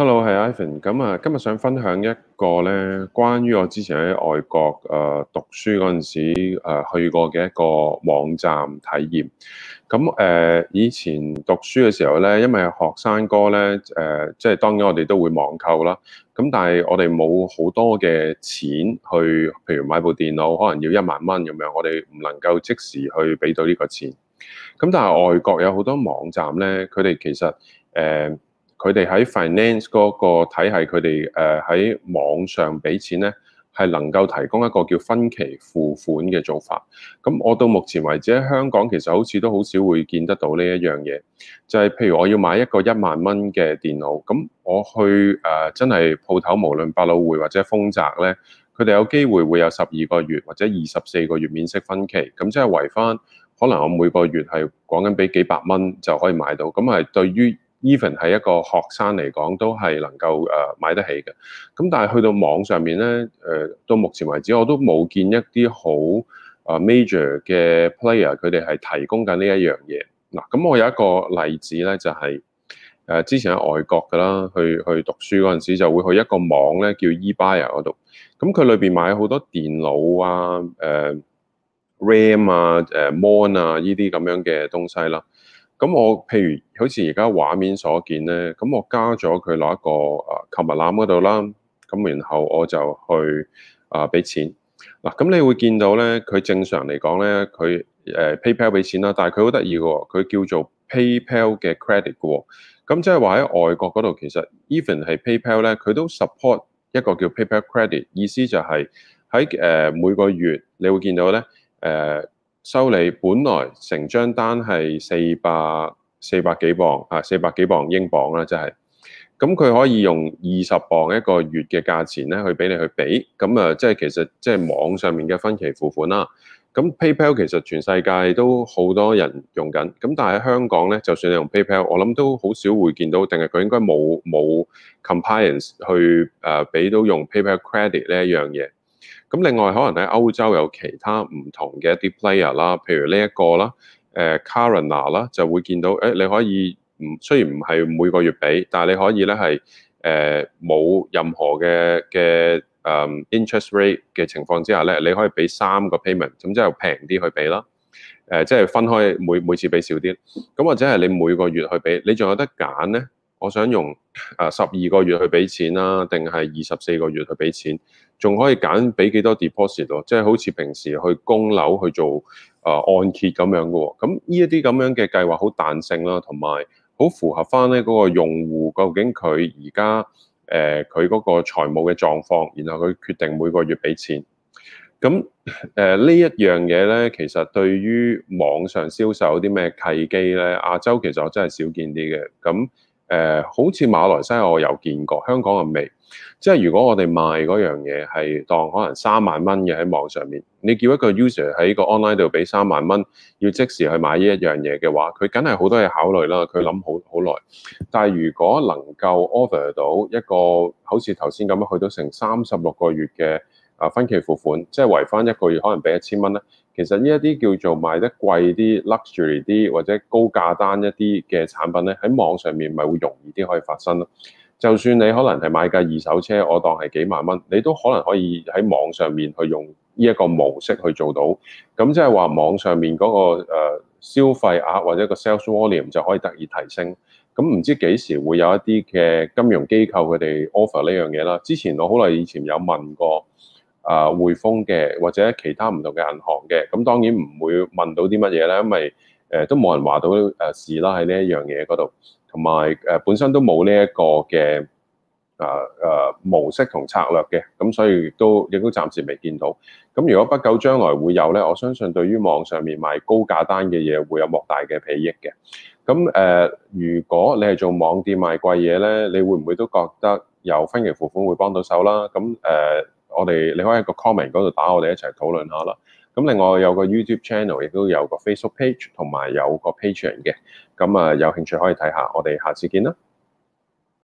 Hello，係 Ivan。咁啊，今日想分享一個咧，關於我之前喺外國誒讀書嗰陣時誒去過嘅一個網站體驗。咁誒，以前讀書嘅時候咧，因為學生哥咧誒，即係當然我哋都會網購啦。咁但係我哋冇好多嘅錢去，譬如買部電腦可能要一萬蚊咁樣，我哋唔能夠即時去俾到呢個錢。咁但係外國有好多網站咧，佢哋其實誒。佢哋喺 finance 嗰個體系，佢哋誒喺網上俾錢咧，係能夠提供一個叫分期付款嘅做法。咁我到目前為止喺香港，其實好似都好少會見得到呢一樣嘢。就係、是、譬如我要買一個一萬蚊嘅電腦，咁我去誒、呃、真係鋪頭，無論百老匯或者豐澤咧，佢哋有機會會有十二個月或者二十四個月免息分期。咁即係維翻，可能我每個月係講緊俾幾百蚊就可以買到。咁係對於。Even 係一個學生嚟講，都係能夠誒買得起嘅。咁但係去到網上面咧，誒、呃、到目前為止我都冇見一啲好誒 major 嘅 player 佢哋係提供緊呢一樣嘢。嗱，咁、嗯、我有一個例子咧，就係、是、誒、呃、之前喺外國噶啦，去去讀書嗰陣時就會去一個網咧叫 Ebuyer 嗰度。咁佢裏邊買好多電腦啊、誒、呃、RAM 啊、誒、呃、Mon 啊呢啲咁樣嘅東西啦。咁我譬如好似而家畫面所見咧，咁我加咗佢落一個啊購物籃嗰度啦，咁然後我就去啊俾錢嗱，咁、啊、你會見到咧，佢正常嚟講咧，佢誒、呃、PayPal 俾錢啦，但係佢好得意嘅喎，佢叫做 PayPal 嘅 credit 嘅喎、哦，咁即係話喺外國嗰度其實 even 係 PayPal 咧，佢都 support 一個叫 PayPal Credit，意思就係喺誒每個月你會見到咧誒。呃收你，本來成張單係四百四百幾磅啊，四百幾磅英鎊啦，即係咁佢可以用二十磅一個月嘅價錢咧，去俾你去俾咁啊，即係其實即係網上面嘅分期付款啦。咁 PayPal 其實全世界都好多人用緊，咁但係喺香港咧，就算你用 PayPal，我諗都好少會見到，定係佢應該冇冇 compliance 去誒俾到用 PayPal credit 呢一樣嘢。咁另外可能喺歐洲有其他唔同嘅一啲 player 啦，譬如呢、這、一個啦，誒 Carina 啦，Carina，就會見到誒、欸、你可以唔雖然唔係每個月俾，但係你可以咧係誒冇任何嘅嘅誒 interest rate 嘅情況之下咧，你可以俾三個 payment，咁即係平啲去俾啦，誒即係分開每每次俾少啲，咁或者係你每個月去俾，你仲有得揀咧？我想用誒十二個月去俾錢啦、啊，定係二十四個月去俾錢，仲可以揀俾幾多 deposit 喎？即係好似平時去供樓去做誒、呃、按揭咁樣嘅喎、哦。咁呢一啲咁樣嘅計劃好彈性啦、啊，同埋好符合翻咧嗰個用戶究竟佢而家誒佢嗰個財務嘅狀況，然後佢決定每個月俾錢。咁、嗯、誒、呃、呢一樣嘢咧，其實對於網上銷售啲咩契機咧，亞洲其實我真係少見啲嘅。咁、嗯誒、呃，好似馬來西亞我有見過，香港啊未。即係如果我哋賣嗰樣嘢係當可能三萬蚊嘅喺網上面，你叫一個 user 喺個 online 度俾三萬蚊，要即時去買呢一樣嘢嘅話，佢梗係好多嘢考慮啦，佢諗好好耐。但係如果能夠 order 到一個好似頭先咁樣去到成三十六個月嘅。啊，分期付款即係維翻一個月，可能俾一千蚊咧。其實呢一啲叫做賣得貴啲、luxury 啲或者高價單一啲嘅產品咧，喺網上面咪會容易啲可以發生咯。就算你可能係買架二手車，我當係幾萬蚊，你都可能可以喺網上面去用呢一個模式去做到。咁即係話網上面嗰個誒消費額或者個 sales volume 就可以得以提升。咁唔知幾時會有一啲嘅金融機構佢哋 offer 呢樣嘢啦。之前我好耐以前有問過。啊，匯豐嘅或者其他唔同嘅銀行嘅，咁當然唔會問到啲乜嘢啦，因為誒、呃、都冇人話到誒、呃、事啦喺呢一樣嘢嗰度，同埋誒本身都冇呢一個嘅啊啊模式同策略嘅，咁所以都亦都暫時未見到。咁如果不久將來會有呢，我相信對於網上面賣高價單嘅嘢會有莫大嘅裨益嘅。咁誒、呃，如果你係做網店賣貴嘢呢，你會唔會都覺得有分期付款會幫到手啦？咁誒，呃我哋你可以喺個 comment 嗰度打我哋一齊討論下啦。咁另外有個 YouTube channel，亦都有個 Facebook page，同埋有個 Patreon 嘅。咁啊，有興趣可以睇下。我哋下次見啦。